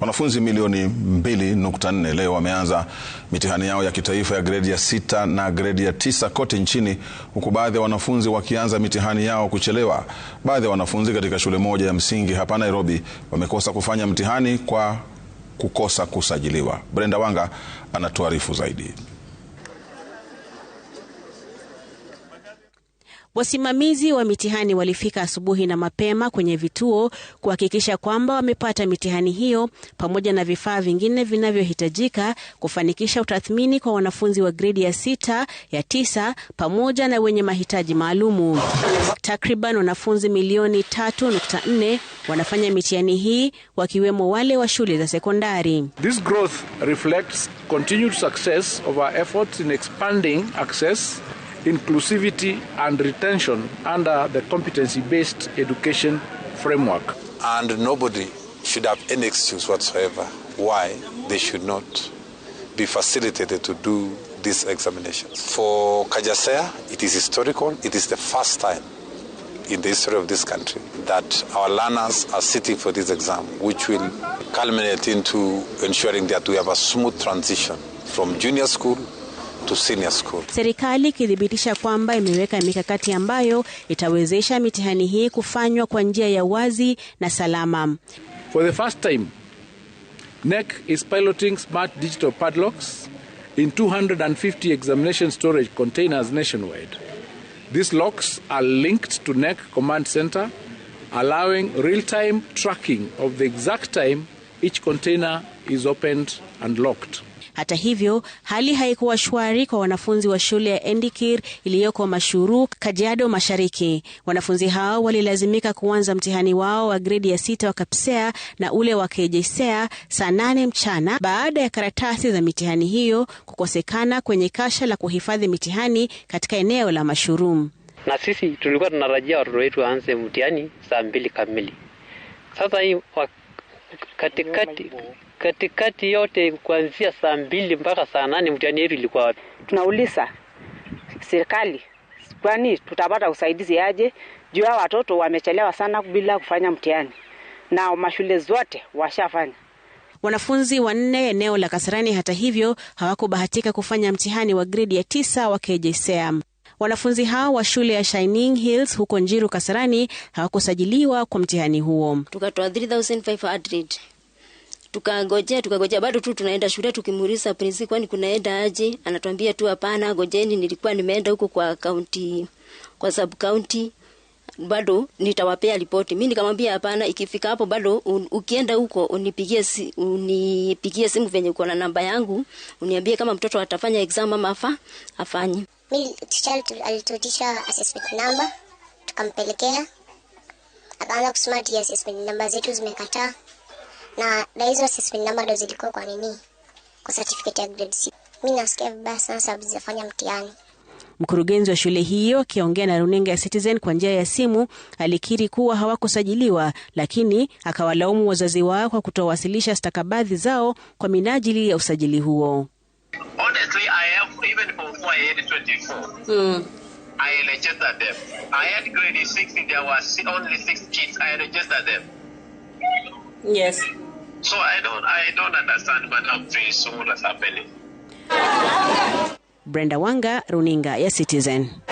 Wanafunzi milioni 2.4 leo wameanza mitihani yao ya kitaifa ya gredi ya sita na gredi ya tisa kote nchini, huku baadhi ya wanafunzi wakianza mitihani yao kuchelewa. Baadhi ya wanafunzi katika shule moja ya msingi hapa Nairobi wamekosa kufanya mtihani kwa kukosa kusajiliwa. Brenda Wanga anatuarifu zaidi. Wasimamizi wa mitihani walifika asubuhi na mapema kwenye vituo kuhakikisha kwamba wamepata mitihani hiyo pamoja na vifaa vingine vinavyohitajika kufanikisha utathmini kwa wanafunzi wa gredi ya sita, ya tisa pamoja na wenye mahitaji maalumu. Takriban wanafunzi milioni 3.4 wanafanya mitihani hii wakiwemo wale wa shule za sekondari. This growth reflects continued success of our efforts in expanding access inclusivity and retention under the competency based education framework. And nobody should have any excuse whatsoever why they should not be facilitated to do these examinations. For Kajasea, it is historical. It is the first time in the history of this country that our learners are sitting for this exam, which will culminate into ensuring that we have a smooth transition from junior school to senior school. Serikali ikithibitisha kwamba imeweka mikakati ambayo itawezesha mitihani hii kufanywa kwa njia ya wazi na salama. For the first time, NEC is piloting smart digital padlocks in 250 examination storage containers nationwide. These locks are linked to NEC command center allowing real-time tracking of the exact time each container is opened and locked. Hata hivyo, hali haikuwa shwari kwa wanafunzi wa shule ya Endikir iliyoko Mashuru, Kajiado Mashariki. Wanafunzi hao walilazimika kuanza mtihani wao wa gredi ya sita wa Kapsea na ule wa Kejisea saa nane mchana baada ya karatasi za mitihani hiyo kukosekana kwenye kasha la kuhifadhi mitihani katika eneo la Mashuru. Na sisi tulikuwa tunarajia watoto wetu waanze mtihani saa mbili kamili. Sasa hii katikati katikati yote kuanzia saa mbili mpaka saa nane mtani yetu ilikuwa wapi? Tunauliza serikali, kwani tutapata usaidizi aje juu ya watoto wamechelewa sana bila kufanya mtihani na mashule zote washafanya. Wanafunzi wanne eneo la Kasarani hata hivyo hawakubahatika kufanya mtihani wa gredi ya tisa wa KJSEAM. Wanafunzi hao wa shule ya Shining Hills huko Njiru Kasarani hawakusajiliwa kwa mtihani huo. Tukatoa 3500 average tukangojea tukangojea, bado tu tunaenda shule tukimuuliza prinsi, kwani kunaenda aje? Anatuambia tu hapana, ngojeni, nilikuwa nimeenda huko kwa kaunti, kwa sub kaunti bado nitawapea ripoti. Mimi nikamwambia hapana, ikifika hapo bado un, ukienda huko unipigie si, unipigie simu venye uko na namba yangu, uniambie kama mtoto atafanya exam ama afa afanye mimi alitutisha assessment number tukampelekea, akaanza kusema ti assessment number zetu zimekataa, na na hizo assessment number ndo zilikuwa kwa nini kwa certificate ya grade C Mimi nasikia vibaya sana sababu zifanya mtihani. Mkurugenzi wa shule hiyo akiongea na runinga ya Citizen kwa njia ya simu alikiri kuwa hawakusajiliwa, lakini akawalaumu wazazi wao kwa kutowasilisha stakabadhi zao kwa minajili ya usajili huo. 42824. Mm. I registered them. I had grade 16, there were only six kids. I registered them. Yes. So I don't I don't understand I'm please what what's happening. Brenda Wanga, Runinga yes, Citizen.